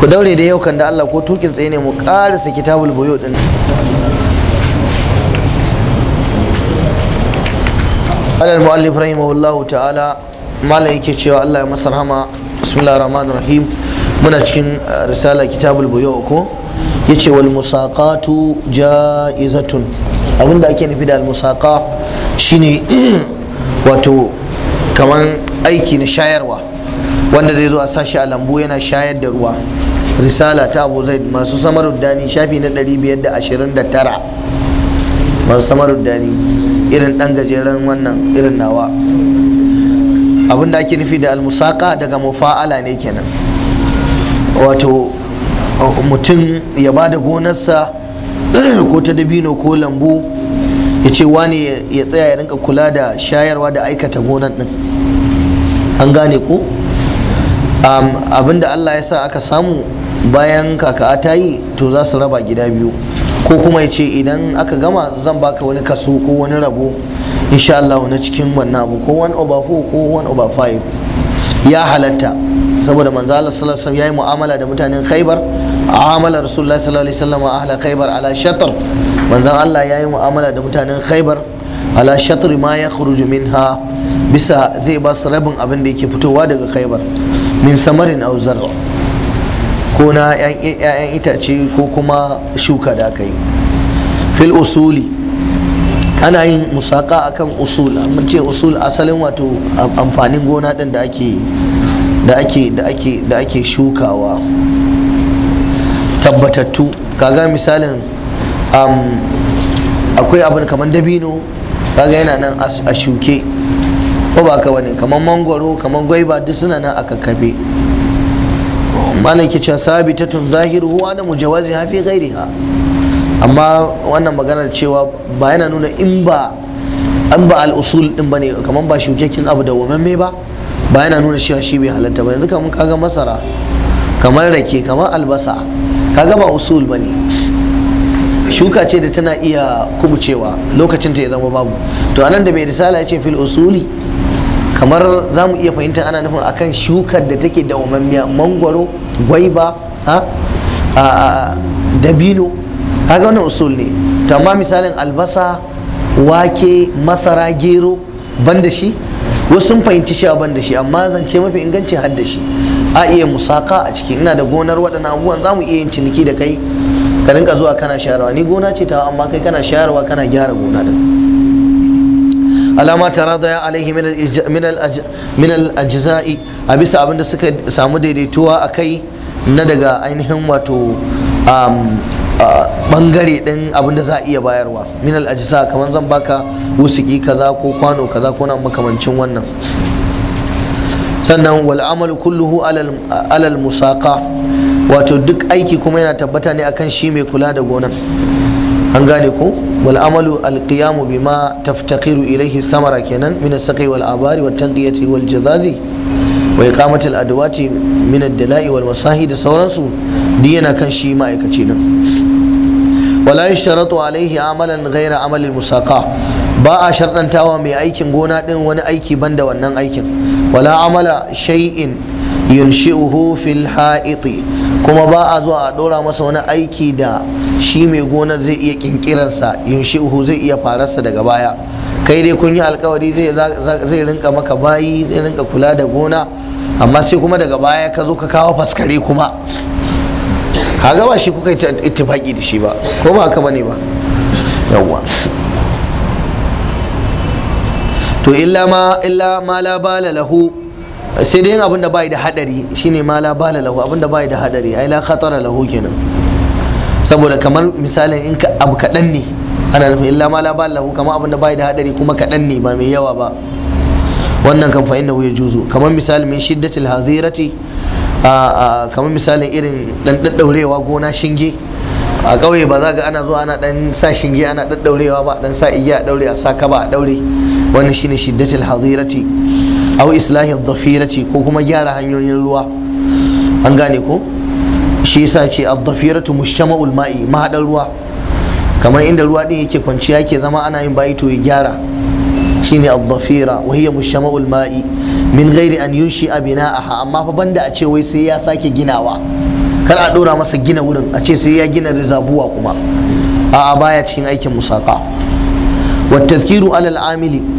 ku daure da yau kan da Allah ko tukin tsaye ne mu karisa kitabul buyu din alal muallif rahimahullahu ta'ala malam yake cewa Allah ya masa rahama bismillahir rahmanir rahim muna cikin uh, risala kitabul buyu ko yace wal musaqatu jaizatun abinda ake nufi da al musaqa shine wato kaman aiki na shayarwa wanda zai zo a sashi a lambu yana shayar da ruwa risala ta abu zaid masu samaruddani shafi na 529 masu samaruddani irin dan gajeren wannan irin nawa abin da ake nufi da almusaka daga mufa'ala ne kenan wato mutum ya ba da gonarsa ko ta dabino ko lambu ya ce wani ya tsaya ya rinka kula da shayarwa da aikata gonar din an gane ko abinda Allah ya sa aka samu bayan kaka ta yi to za su raba gida biyu ko kuma ya ce idan aka gama zan baka wani kaso ko wani rabo insha Allah na cikin wannan abu ko 1 over 4 ko 1 over 5 ya halatta saboda manzo Allah sallallahu alaihi yayi mu'amala da mutanen Khaibar amala Rasulullah sallallahu alaihi wasallam ahla Khaibar ala shatr manzo Allah yayi mu'amala da mutanen Khaibar ala shatr ma yakhruju minha bisa zai ba su rabin abin da yake fitowa daga Khaibar min samarin aw zar'a ko na 'ya'yan itace ko kuma shuka da aka yi fil usuli ana yin musaka akan usul mun ce usul asalin wato amfanin gona ɗin da ake da ake da ake da ake shukawa tabbatattu kaga misalin akwai abin kamar dabino kaga yana nan a shuke ko ba ka wani kamar mangwaro kamar gwaiba duk suna nan a kakkabe malam ke cewa sabitatun zahiru huwa da mujawazi hafi ha. amma wannan maganar cewa ba yana nuna in ba an ba al'usul din ne kamar ba shukekin abu da mai ba ba yana nuna cewa shi bai halatta ba yanzu kamar kaga masara kamar rake kamar albasa kaga ba usul ba ne. shuka ce da tana iya kubucewa lokacin ta ya zama babu to anan da mai risala ya ce fil usuli kamar za mu iya fahimta ana nufin akan shukar da take da umammiya mangwaro gwaiba a dabino kaga wannan usul ne to amma misalin albasa wake masara gero ban da shi wasu sun fahimci shi ban da shi amma zance mafi inganci har da shi a iya musaka a ciki ina da gonar waɗannan abubuwan za mu iya yin ciniki da kai ka rinka zuwa kana shayarwa ni gona ce ta amma kai kana shayarwa kana gyara gona din alama taradaya alaihi min al-ajza'i a bisa abinda suka samu daidaituwa a kai na daga ainihin wato um, bangare din abinda za a iya bayarwa min al-ajza kamar zan baka wusiki kaza ko kwano kaza ko na makamancin wannan sannan wal kulluhu alal musaka wato duk aiki kuma yana tabbata ne akan shi mai kula da gonan an gane ko wal amalu al qiyamu bima taftaqiru ilayhi samara kenan min as-saqi wal abari wat tanqiyati wal jazazi wa iqamati al adwati min ad-dala'i wal masahi da sauransu duk yana kan shi ma'aikaci din wala yashtaratu alayhi amalan ghayra amal al musaqa ba a sharɗantawa mai aikin gona din wani aiki banda wannan aikin wala amala shay'in yunshi'uhu fil ha'iti kuma ba a zuwa a dora masa wani aiki da shi mai gonar zai iya kinkirarsa yunshi'uhu zai iya fararsa daga baya kai dai kun yi alkawari zai rinka maka bayi zai rinka kula da gona amma sai kuma daga baya ka zo ka kawo faskare kuma kaga ba shi kuka ittifaki da shi ba ko ba haka bane ba yawwa to illa ma illa ma la bala lahu sai dai yin abin da bai da hadari shine ma la bala lahu abin da bai da hadari ai la khatara lahu kenan saboda kamar misalin in ka abu kadan ne ana nufin illa ma la bala lahu kamar abin da bai da hadari kuma kadan ne ba mai yawa ba wannan kan fa'in ya juzu kamar misalin min shiddatil hazirati kamar misalin irin dan daddaurewa gona shinge a ƙauye ba za ga ana zuwa ana dan sa shinge ana daddaurewa ba dan sa igiya a daure a sa kaba a daure wannan shine shiddatil hazirati au islahin ce ko kuma gyara hanyoyin ruwa an gane ko shi yasa ce ad-dhafiratu mushtama'ul ma'i mahadar ruwa kamar inda ruwa din yake kwanciya yake zama ana yin bayi to ya gyara shine Zafira dhafira wa hiya mushtama'ul ma'i min ghairi an yunshi bina'aha amma fa banda a ce wai sai ya sake ginawa kar a dora masa gina wurin a ce sai ya gina rizabuwa kuma a'a baya cikin aikin musaka wa tazkiru alal amili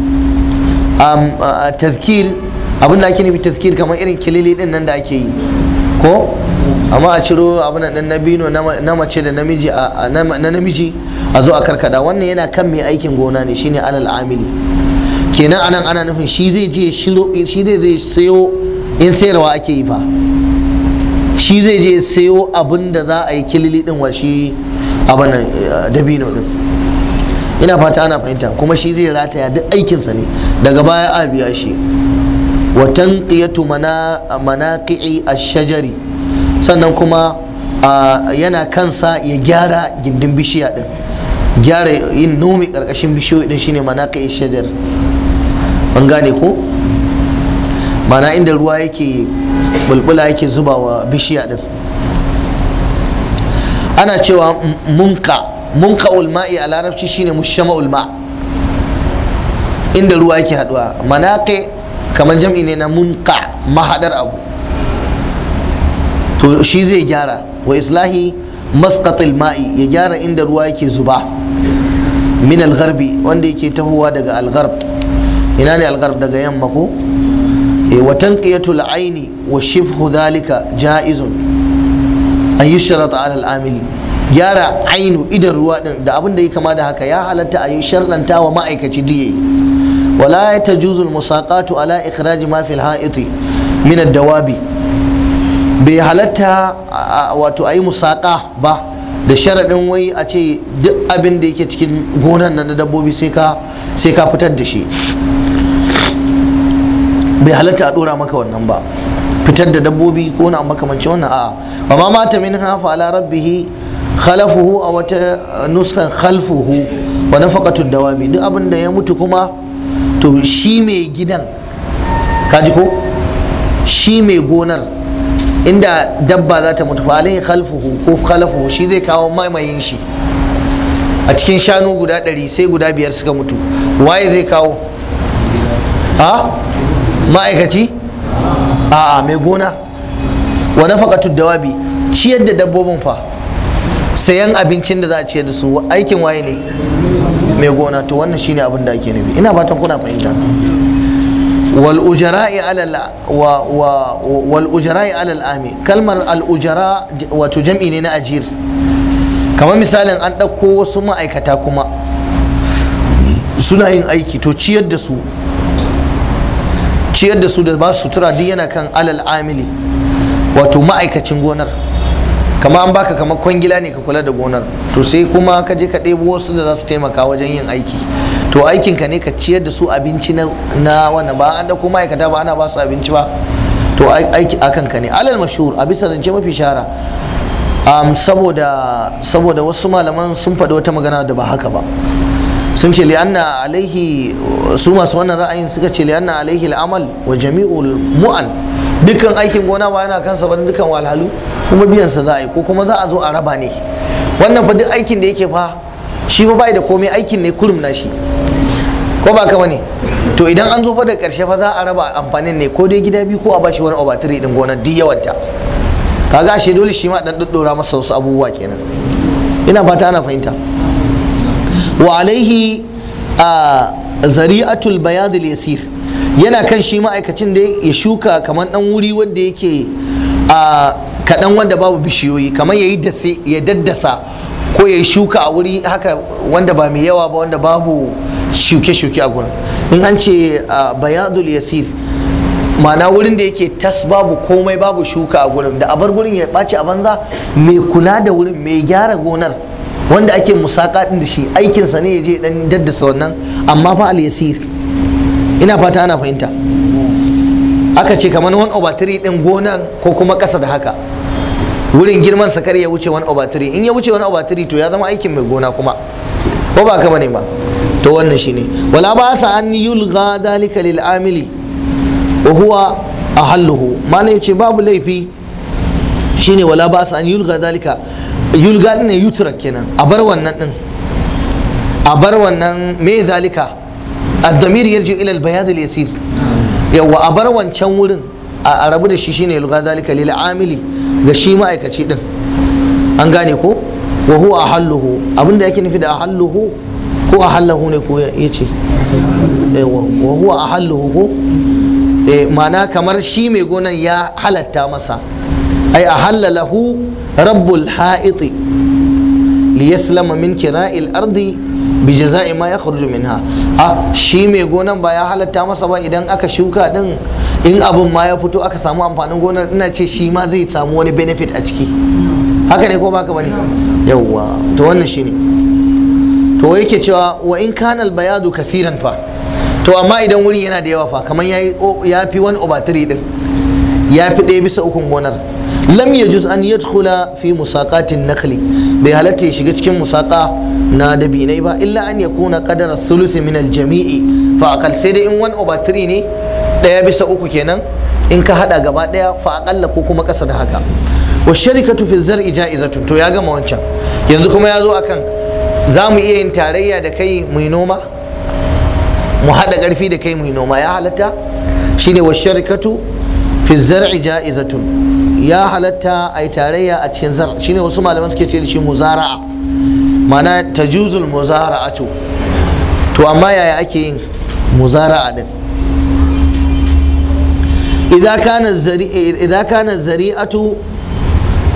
Um, tazkir abinda ake nufi tazkir kamar irin kilili din nan da ake yi ko amma a ciro abin nan na bino na mace da namiji na namiji a zo a karkada wannan yana kan mai aikin gona ne shine alal amili kenan anan ana nufin shi zai je shiro shi zai je sayo in sayarwa ake yi fa shi zai je sayo abin da za a yi kilili din wa shi abin nan eh, dabino din ina fata ana fahimta kuma shi zai rataya duk aikinsa ne daga baya a biya shi wa tanqiyatu manaqi'i ash-shajari sannan kuma yana kansa ya gyara gindin bishiya din gyara yin nomi karkashin bishiyoyi din shine manaqi'i shajar an gane ko mana inda ruwa yake bulbula yake zubawa bishiya din ana cewa munka munka ulma'i a larabci shine mushama ulma inda ruwa yake haduwa manaqi kamar jam'i ne na munka mahadar abu to shi zai gyara wa islahi masqatil ma'i ya gyara inda ruwa yake zuba min algharbi wanda yake tahowa daga algharb ina ne algharb daga yamma ko e, wa tanqiyatul aini wa shibhu dhalika jaizun an yushrat ala al-amil gyara ainu idan ruwa din da abin da ya kama da haka ya halatta a yi sharɗanta wa ma'aikaci diye wala ya ta juzul musaqatu ala ikhraji ma fil ha'iti min dawabi bai halatta wato a yi musaƙa ba da sharaɗin wai a ce duk abin da yake cikin gonan nan na dabbobi sai ka fitar da shi bai halatta a ɗora maka wannan ba fitar da dabbobi ko na makamancin wannan a'a amma mata min hafa ala rabbihi khalafuhu a wata nuskan khalfuhu wa nafaqatu dawami duk abin da ya mutu kuma to shi mai gidan kaji ko shi mai gonar inda dabba za ta mutu fa khalfuhu ko khalafuhu shi zai kawo maimayin shi a cikin shanu guda ɗari sai guda biyar suka mutu waye zai kawo a ma'aikaci a mai gona wa nafaqatu dawami ciyar da dabbobin fa sayan abincin da za a ce da su aikin waye ne mai gona to wannan shine abin da ake nufi ina fatan kuna fahimta wal ujara'i ala wa kalmar al ujara wato jam'i ne na ajir kamar misalin an ɗauko wasu ma'aikata kuma suna yin aiki to ciyar da su ciyar da su da ba sutura duk yana kan alal amili wato ma'aikacin gonar kama an baka kamar kwangila ne ka kula da gonar to sai kuma ka je ka ɗebo wasu da za su taimaka wajen yin aiki to aikin ka ne ka ciyar da su abinci na wannan ba an dauko ma'aikata ba ana ba su abinci ba to aiki akan ka ne alal mashhur a bisa zance mafi shara saboda wasu malaman sun faɗi wata magana da ba haka ba sun ce li'anna alaihi su masu wannan ra'ayin suka ce li'anna alaihi al'amal wa jami'ul mu'an dukkan aikin gona ba yana kansa ba dukkan walhalu kuma biyan sa za a yi ko kuma za a zo a raba ne wannan fa duk aikin da yake fa shi ba bai da komai aikin ne kurum na shi ko ba kama ne to idan an zo fa da karshe fa za a raba amfanin ne ko dai gida biyu ko a bashi wani obatiri din gonar duk yawanta kaga shi dole shi ma dan daddora masa wasu abubuwa kenan ina fata ana fahimta wa alaihi a ah, zari'atul bayadul yasir yana kan shi ma'aikacin da ya shuka kamar dan wuri wanda yake a kaɗan wanda babu bishiyoyi kamar ya yi ya daddasa ko ya shuka a wuri haka wanda ba mai yawa ba wanda babu shuke-shuke a gurin in an ce bayadul yasir mana wurin da yake tas babu komai babu shuka a gurin da abar gurin ya ɓaci a banza mai kula da wurin mai gyara gonar wanda ake musaka din da shi aikinsa ne ya je dan daddasa wannan amma fa al yasir ina fata ana fahimta aka ce kamar wani obatiri din gonan ko kuma ƙasa da haka wurin girman sakar ya wuce wani obatiri in ya wuce wani obatiri to ya zama aikin mai gona kuma ko ba ka bane ba to wannan shine wala ba sa an yulga dalika lil amili wa huwa ahalluhu ce babu laifi shine wala ba su an yulga dalika yulga ne yutrak kenan a bar wannan din a bar wannan me zalika ad-damir yarji ila al-bayad al-yasir yawa a bar wancan wurin a rabu da shi shine yulga zalika lil amili ga shi ma'aikaci din an gane ko wa huwa ahalluhu abinda yake nufi da ahalluhu ko ahallahu ne ko yace wa huwa ahalluhu ko eh, ma'ana kamar shi mai gonan ya halatta masa ai a hu! rabbul ha'iti liyaslama min kira'il ardi bi jaza'i ma yakhruju minha a shi mai gonan ba ya halatta masa ba idan aka shuka din in abin ma ya fito aka samu amfanin gonar ina ce shi ma zai samu wani benefit a ciki haka ne ko baka bane yawa! to wannan shine to yake cewa wa in kana al bayadu kasiran fa to amma idan wurin yana da yawa fa kamar yayi ya fi wani over 3 din ya fi ɗaya bisa ukun gonar lam yajuz an yadkhula fi musaqatin nakhli bai halatta ya shiga cikin musaka na dabinai ba illa an yakuna qadara thuluthi min al-jami'i fa aqal sai dai in one over three ne ɗaya bisa uku kenan in ka hada gaba ɗaya fa aqalla ko kuma ƙasa da haka wa sharikatu fi zar'i ja'izatun to ya gama wancan yanzu kuma ya zo akan za mu iya yin tarayya da kai mu yi noma mu haɗa ƙarfi da kai mu yi noma ya halatta shine wa sharikatu fi zar'i ja'izatun ya halatta a yi tarayya a cikin zar shine wasu malaman suke ce shi muzara'a mana tajuzul muzara'atu to amma yaya ake yin muzara'a din idan kana zari'atu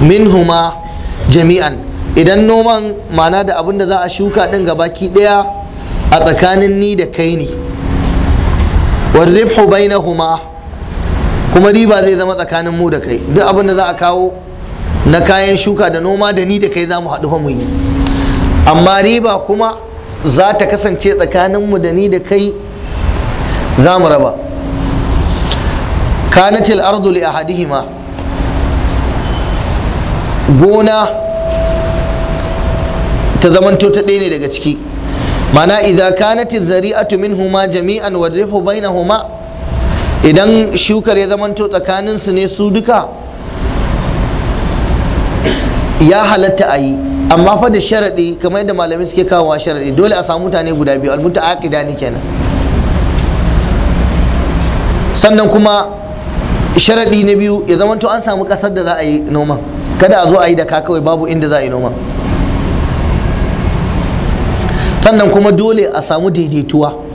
minhuma jami'an idan noman mana da abin da za a shuka din gabaki daya a tsakanin ni da kai ne warribhu bainahuma huma kuma riba zai zama tsakanin mu da kai duk abin da za a kawo na kayan shuka da noma da ni da kai za mu haɗu fa mu yi amma riba kuma za ta kasance tsakanin mu da ni da kai za mu raba kanatil ardu li ahadihima gona ta zamanto ta ɗaya ne daga ciki mana idza kanatiz zari'atu minhuma jami'an wa rifu bainahuma idan shukar ya zamanto tsakaninsu ne su duka ya halatta a yi amma fa da sharaɗi kamar yadda malamai suke kawowa sharaɗi dole a samu mutane guda biyu almuta ƙida ne kenan sannan kuma sharaɗi na biyu ya zamanto an samu ƙasar da za a yi noman kada a zo a yi da ka kawai babu inda za a yi noman sannan kuma dole a samu daidaituwa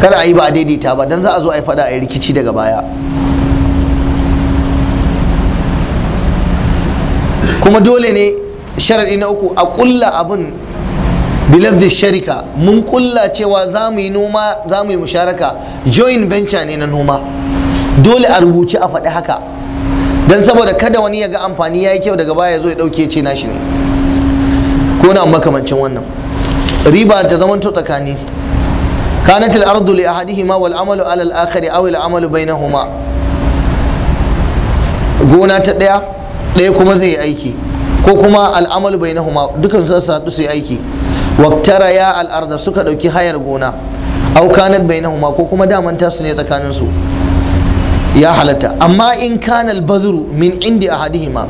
kada a yi ba a daidaita ba don za a zo a yi fada a yi rikici daga baya kuma dole ne sharaɗi na uku a ƙulla abin bilafdin sharika mun ƙulla cewa za mu yi noma za mu yi musharaka joint venture ne na noma dole a rubuce a faɗi haka don saboda kada wani ya ga amfani ya yi kyau daga baya ya zo ya ɗauke ce nashi ne ko na makamancin wannan riba ta zamanto tsakani Kanan كانت الأرض لأحدهما والعمل على الآخر أو العمل بينهما gona ta ɗaya ɗaya kuma zai yi aiki ko kuma al'amalu bai na nahuma dukan sun sadu su yi aiki waktara ya al'arda suka ɗauki hayar gona au kanan bai na nahuma ko kuma damanta su ne tsakaninsu ya halatta amma in kanan albazuru min indi a ahadihima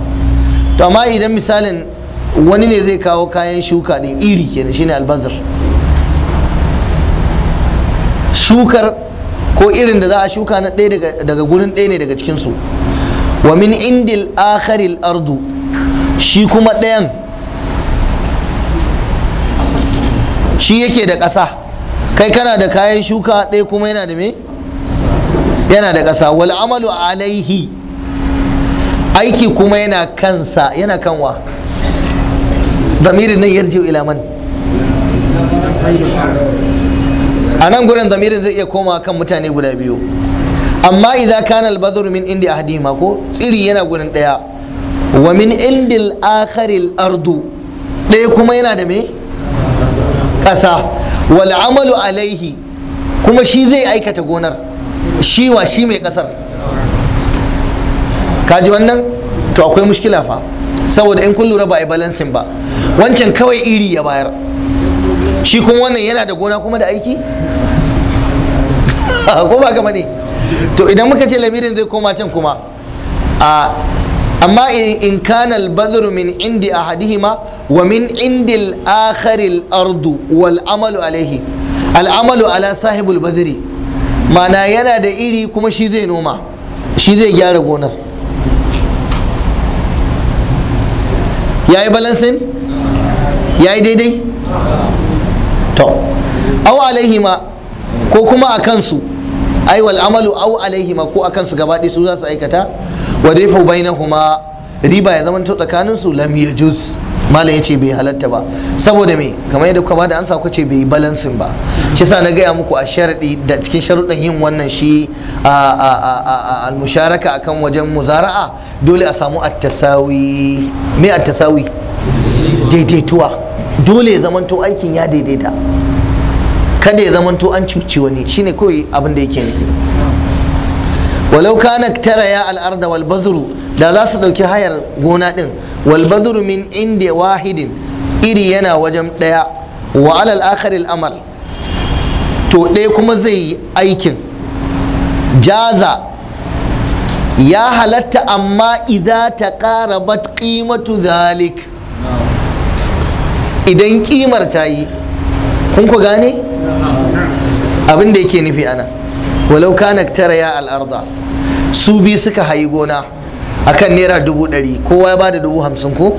to amma idan misalin wani ne zai kawo kayan shuka din iri kenan shine albazar shukar ko irin da za a shuka na ɗaya daga gurin ɗaya ne daga cikinsu wa min indil akharil ardu shi kuma ɗayan shi yake da ƙasa kai kana da kayan shuka ɗaya kuma yana da me yana da ƙasa wal amalu alaihi aiki kuma yana kansa yana kanwa zamirin nan yarjiu ila a nan gurin zamirin zai iya koma kan mutane guda biyu amma idan kana albadru min indi ahadihima ko tsiri yana gurin daya wa min indil akharil ardu ɗaya kuma yana da me ƙasa wal amalu alaihi kuma shi zai aikata gonar shi wa shi mai kasar kaji wannan to akwai mushkila fa saboda in kun lura ba a yi balansin ba wancan kawai iri ya bayar shi kuma wannan yana da gona kuma da aiki ko ba gama ne to idan muka ce lamirin zai koma can kuma amma in kana al min indi ahadihima wa min indi al-akhari ardu wal amalu al amalu ala sahibul badri mana yana da iri kuma shi zai noma shi zai gyara gonar ya yi balansin ya yi daidai to aw alaihima ko kuma a kansu ai wal amalu aw alaihima ko a kansu gabaɗi su za su aikata wa rifu bainahuma riba ya zama tsakanin su lam yajuz malam ya ce bai halatta ba saboda me kamar yadda kuka ba da ansa kuka ce bai balansin ba shi sa na gaya muku a sharadi da cikin sharuɗan yin wannan shi a almusharaka akan wajen muzara'a dole a samu attasawi me attasawi daidaituwa dole ya zamanto aikin ya daidaita kada ya zamanto an cuci wani shine kawai abin da yake nufi walau kana tara ya al'arda wal da za su dauki hayar gona din wal bazru min inda wahidin iri yana wajen daya wa alal akhiril amal to ɗaya kuma zai yi aikin jaza ya halatta amma idza taqarabat qimatu zalik idan kimar ta yi kun ku gane abin da yake nufi ana walau kana tara ya al'arda su bi suka hayi gona akan naira dubu ɗari kowa ya bada dubu hamsin ko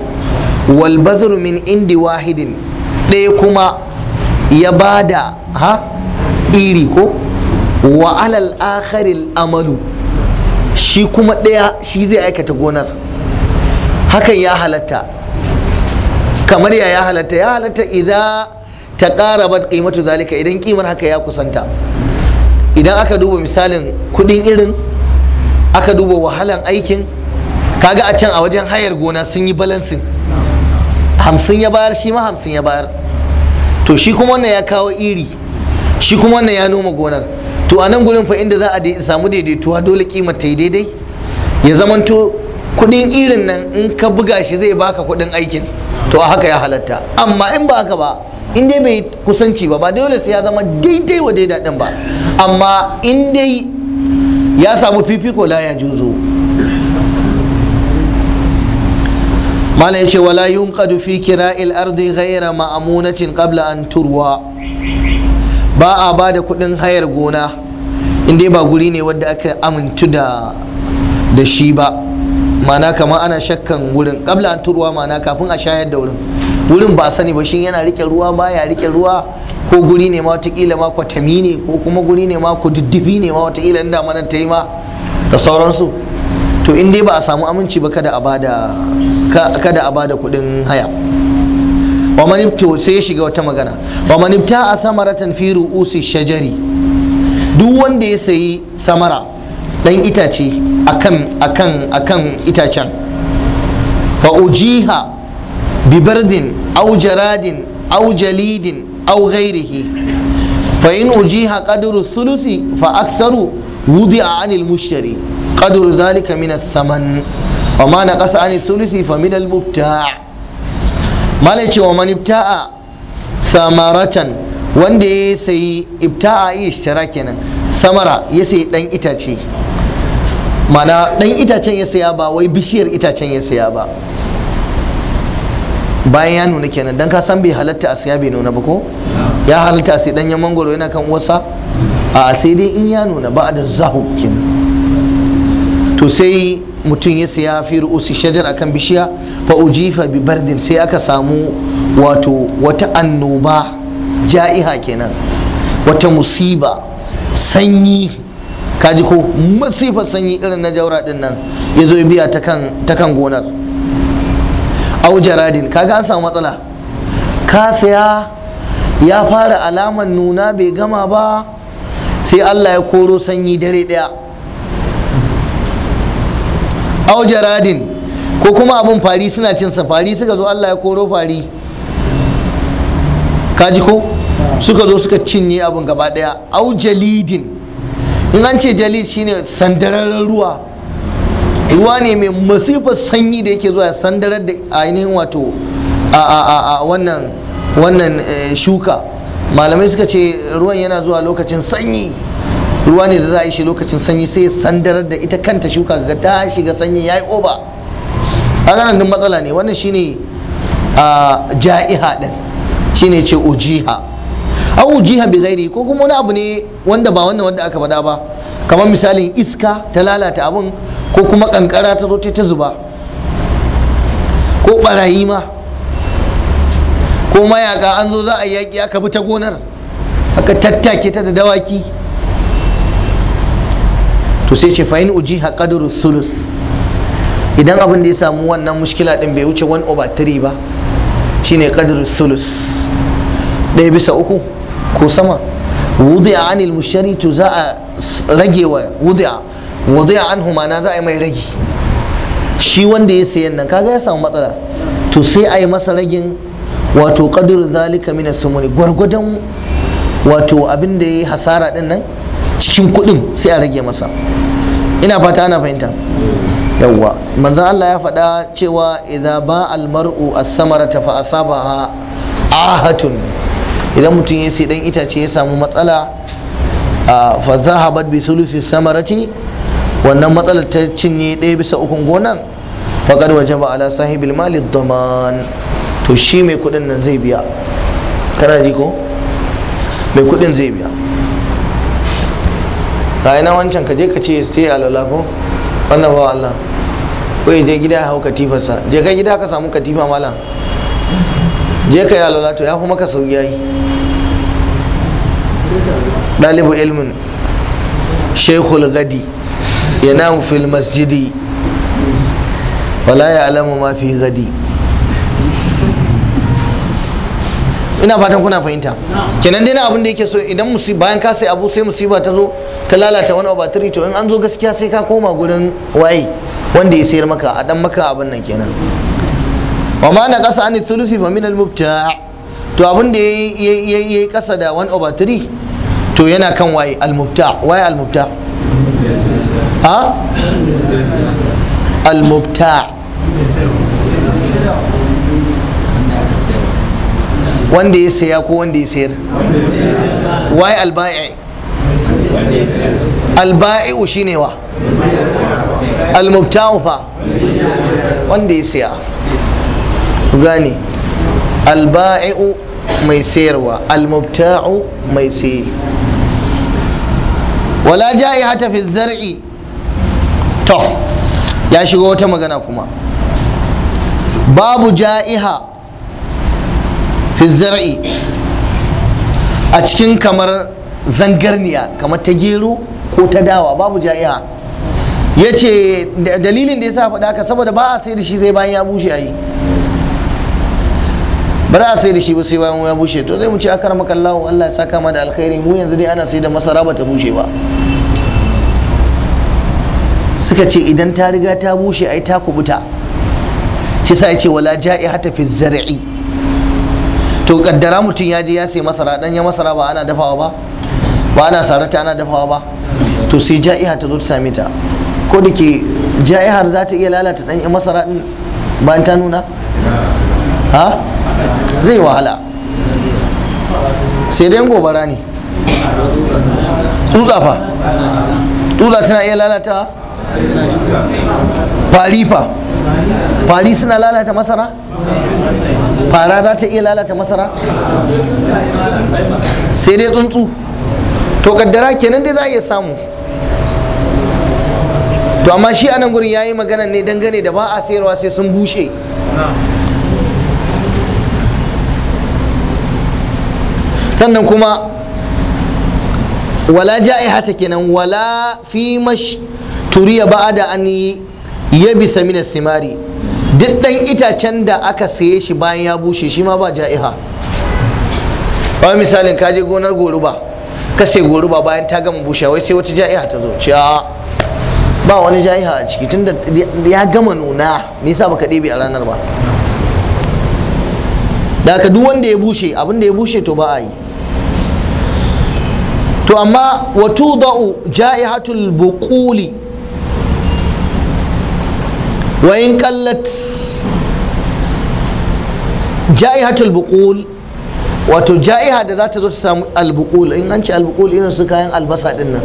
wal min indi wahidin ɗaya kuma ya bada ha iri ko wa alal akharil amalu shi kuma ɗaya shi zai aikata gonar hakan ya halatta kamar ya ya halatta ya halatta idan ta ƙara bat ƙimatu zalika idan ƙimar haka ya kusanta idan aka duba misalin kuɗin irin aka duba wahalan aikin kaga a can a wajen hayar gona sun yi balansin hamsin ya bayar shi ma hamsin ya bayar to shi kuma wannan ya kawo iri shi kuma wannan ya noma gonar to a nan gurin fa inda za a samu daidaituwa dole kima ta yi daidai ya zamanto kudin irin nan in ka buga shi zai baka kudin aikin to haka ya halatta amma in ba haka ba in dai bai kusanci ba ba dole sai ya zama daidai wa daidai din ba amma in dai ya samu fifiko la ya juzo malam yace wala yunqadu fi kira'il ardi ghayra ma'amunatin qabla an turwa ba a ba da kudin hayar gona in dai ba guri ne wadda aka amintu da shi ba ma'ana kamar ana shakkan wurin kabla an turwa ma'ana kafin a shayar da wurin wurin ba sani ba shin yana rike ruwa ba ya rike ruwa ko guri ne ma watakila ma kwatami ne ko kuma guri ne ma kududdufi ne ma watakila inda mana ta yi ma da sauransu to in dai ba a samu aminci ba kada a bada kada a bada kudin haya wa manibto sai ya shiga wata magana wa manibta a samaratan fi ru'usi shajari duk wanda ya sayi samara dan itace akan akan akan itacen fa ujiha bi bardin aw jaradin aw jalidin aw ghairihi fa in ujiha qadru thulusi fa aktharu wudi'a 'anil mushtari qadru dhalika min as-saman wa ma naqasa 'anil thulusi fa min al-mubta' malaci wa man ibta'a thamaratan wanda ya sayi ibta'a ya ishtara kenan samara ya sayi dan itace mana ɗan itacen ya saya ba wai bishiyar itacen ya saya ba bayan ya nuna kenan dan ka san bai halatta a saya bai nuna ba ko ya halatta a dan ya mangoro yana kan wasa a sai dai in ya nuna ba da zahu kenan to sai mutum ya saya fi ru'usi shajar akan bishiya fa ujifa bi bardin sai aka samu wato wata annoba ja'iha kenan wata musiba sanyi kaji ko masifar sanyi irin na jaura din nan ya zo ya biya ta kan gonar au jaradin kaga an samu matsala ka saya ya fara alaman nuna bai gama ba sai Allah ya koro sanyi dare daya au jaradin ko kuma abin fari suna cinsa fari suka zo Allah ya koro fari kaji ko suka zo suka cinye abin gaba daya au jalidin in an ce jali shine sandararren ruwa ruwa ne mai masifar sanyi da yake zuwa sandarar da ainihin wato a wannan eh, shuka malamai suka ce ruwan yana zuwa lokacin sanyi ruwa ne da za a yi shi lokacin sanyi sai sandarar da ita kanta shuka ga ta shiga sanyi ya yi oba a ganin matsala ne wannan shine a ah, ja'iha din shine ce ujiha au jiha bi ghairi ko kuma wani abu ne wanda ba wannan wanda aka faɗa ba kamar misalin iska ta lalata abin ko kuma kankara ta zo ta zuba ko barayi ma ko mayaka an zo za a yaƙi aka bi ta gonar aka tattake ta da dawaki to sai ce fa'in ujiha qadru sulus, idan abin da ya samu wannan mushkila din bai wuce 1 over 3 ba shine qadru sulus, ɗaya bisa uku ko sama wudi'a anil mushtari to za a rage wa wudi'a wudi'a anhu mana za a yi mai rage. shi wanda ya sayan nan kaga ya samu matsala to sai a yi masa ragin wato qadur zalika min samuni gwargwadon wato abinda da ya yi hasara din nan cikin kudin sai a rage masa ina fata ana fahimta yawwa manzan Allah ya faɗa cewa idza ba al mar'u as-samarata fa asabaha ahatun idan mutum ya sai dan itace ya samu matsala fa zahabat bi thuluthi samarati wannan matsala ta cinye ɗaya bisa ukun gonan faqad wajaba ala sahibil mali daman to shi mai kuɗin nan zai biya kana ji ko mai kuɗin zai biya ga ina wancan ka je ka ce sai alala ko wannan ba Allah ko je gida ya hau sa, je ka gida ka samu katifa malam je ka yi alala to ya kuma ka sauki yayi ɗalibu ilmin shekul gadi mu fil masjidi wala ya alamu ma fi gadi ina fatan kuna fahimta kenan dai na abin da yake so idan bayan ka sai abu sai musiba ta zo ta lalata wani batiri to in an zo gaskiya sai ka koma gurin waye wanda ya sayar maka a dan maka abin nan kenan wa ma na kasa an thulusi fa min al mubta to abin da yayi kasa da 1 over tiri. to yana kan waye almubta waye almubta ha almubta wanda ya saya ko wanda ya sayar waye alba'i alba'i'u shine wa almubta'u fa wanda ya saya ku gane alba'i'u mai sayarwa almubta'u mai sayi wala jaiha fi zar'i to ya shigo wata magana kuma babu ja'iha fi zar'i a cikin kamar zangarniya kamar ta gero ko ta dawa babu ja'iha ya ce dalilin da ya sa faɗa ka saboda ba a sai da shi zai bayan ya bushe a yi ba za a sai da shi ba sai bayan ya bushe to zai mu ce akar makallahu Allah ya saka ma da alkhairi mu yanzu dai ana sai da masara ba ta bushe ba suka ce idan ta riga ta bushe ai ta kubuta shi sa ya ce wala ja'ihata fi zar'i to kaddara mutum ya je ya sai masara dan ya masara ba ana dafawa ba ba ana sarata ana dafawa ba to sai ja'iha ta zo ta same ta ko da ke ja'ihar za ta iya lalata dan ya masara din bayan ta nuna ha zai wahala sai dai gobara ne tsutsa fa tsutsa tana iya lalata fari fa fari suna lalata masara fara za ta iya lalata masara sai dai tsuntsu to kaddara kenan dai za a iya samu to amma shi anan gurin ya yi magana ne dangane da ba a sayarwa sai sun bushe sannan kuma wala ta kenan wala fi mash turiya da an yabisa samina simari duk dan itacen da aka saye shi bayan ya bushe shi ma ba ja'iha ba misalin ka gonar goruba ka goruba bayan ta gama bushe wai sai wata ja'iha ta zo ci ba wani ja'iha a ciki tunda ya gama nuna me yasa baka ɗebe a ranar ba da duk wanda ya bushe abinda ya bushe to ba a yi to amma da'u ja'i ja'ihatul buquli wa in qallat ja'ihatul buqul wato ja'iha da za ta zo ta samu albuqul in an ce albuqul irin su kayan albasa din nan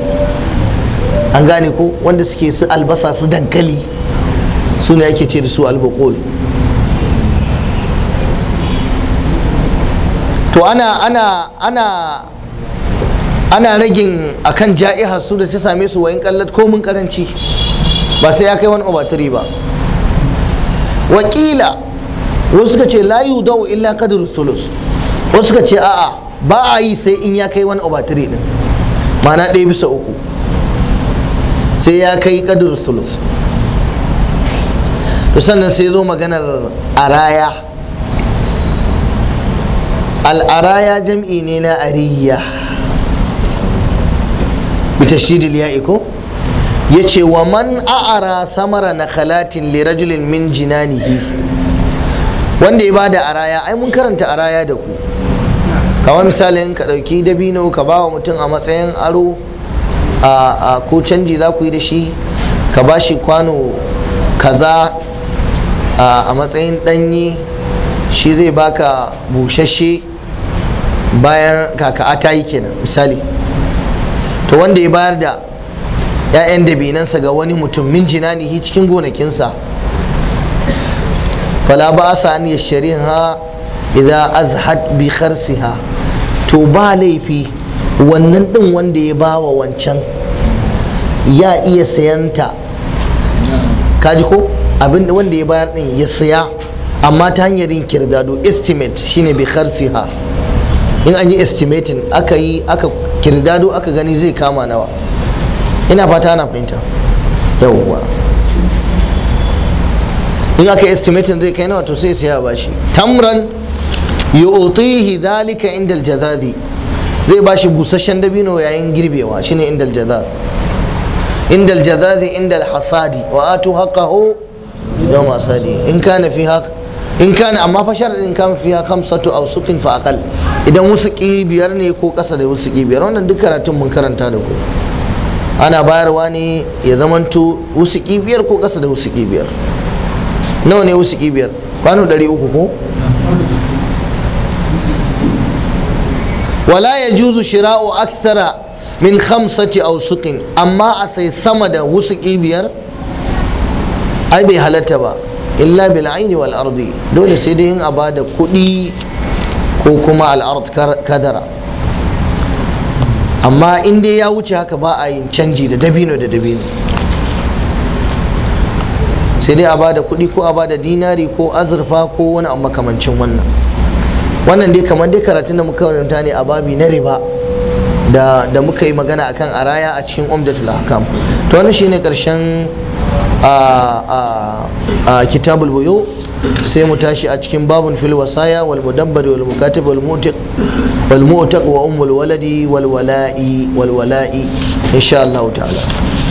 an gane ko wanda suke su albasa su dankali su ne ake ce da su albuqul to ana ana ana ana ragin akan ja'iha su da ta same su wayin kallat komin karanci ba sai ya kai wani obatari ba wakila wasu suka ce layu dau illa qadru thuluth wasu suka ce a'a ba a yi sai in ya kai wani obatari din mana ɗaya bisa uku sai ya kai qadru thuluth to sannan sai zo maganar araya al'araya jam'i ne na ariya bi tashdidil ya'i ko yace wa man a'ara samara nakhalatin li rajulin min jinanihi wanda ya bada araya ai mun karanta araya da ku kamar misalin ka dauki dabino ka bawa mutum a matsayin aro a ko canji zaku yi da shi ka bashi kwano kaza a matsayin danyi shi zai baka bushashe bayan kaka ta yi kenan misali to wanda ya bayar da 'ya'yan dabinansa ga wani mutum min jinanihi cikin gonakinsa fala ba sa sa'an ya shari'a idan azhad bi kharsiha to ba laifi wannan din wanda ya bawa wancan ya iya sayanta kaji ko abin da wanda ya bayar din ya saya amma ta hanyar yin kirdado estimate shine bi kharsiha in an yi estimatin aka yi aka kirdado aka gani zai kama nawa ina fata ana fahimta yawwa in aka estimatin zai kai nawa to sai siya bashi tamran yu'tihi dhalika inda aljazadi zai bashi busasshen dabino yayin girbewa shine inda aljazaz inda aljazadi inda alhasadi wa atu haqqahu yawma sadi in kana fi haqq in kana amma fa in kan fiya khamsatu a suqin fa aqal idan wusuki biyar ne ko kasa da wusuki biyar wannan duk karatun mun karanta da ku ana bayarwa ne ya zamanto wusuki biyar ko kasa da wusuki biyar nawa ne wusuki biyar kwano uku ko wala ya juzu shira'u aktara min khamsati a suqin amma a sai sama da wusuki biyar ai bai halatta ba illa bil aini wal ardi dole sai dai in a bada kuɗi ko kuma ard kadara amma in dai ya wuce haka ba a yin canji da dabino da dabino sai dai a bada kuɗi ko a bada dinari ko azurfa ko wani amma makamancin wannan wannan dai kamar dai karatun da muka karanta ne a babi na riba da muka yi magana akan araya a cikin umdatul hakam to wannan shine karshen a kitabul buyu sai mu tashi a cikin babun fil wasaya wal mudabbari wal mukatib wal mutiq wal mu'taq wa ummul waladi wal wala'i wal wala'i insha Allah ta'ala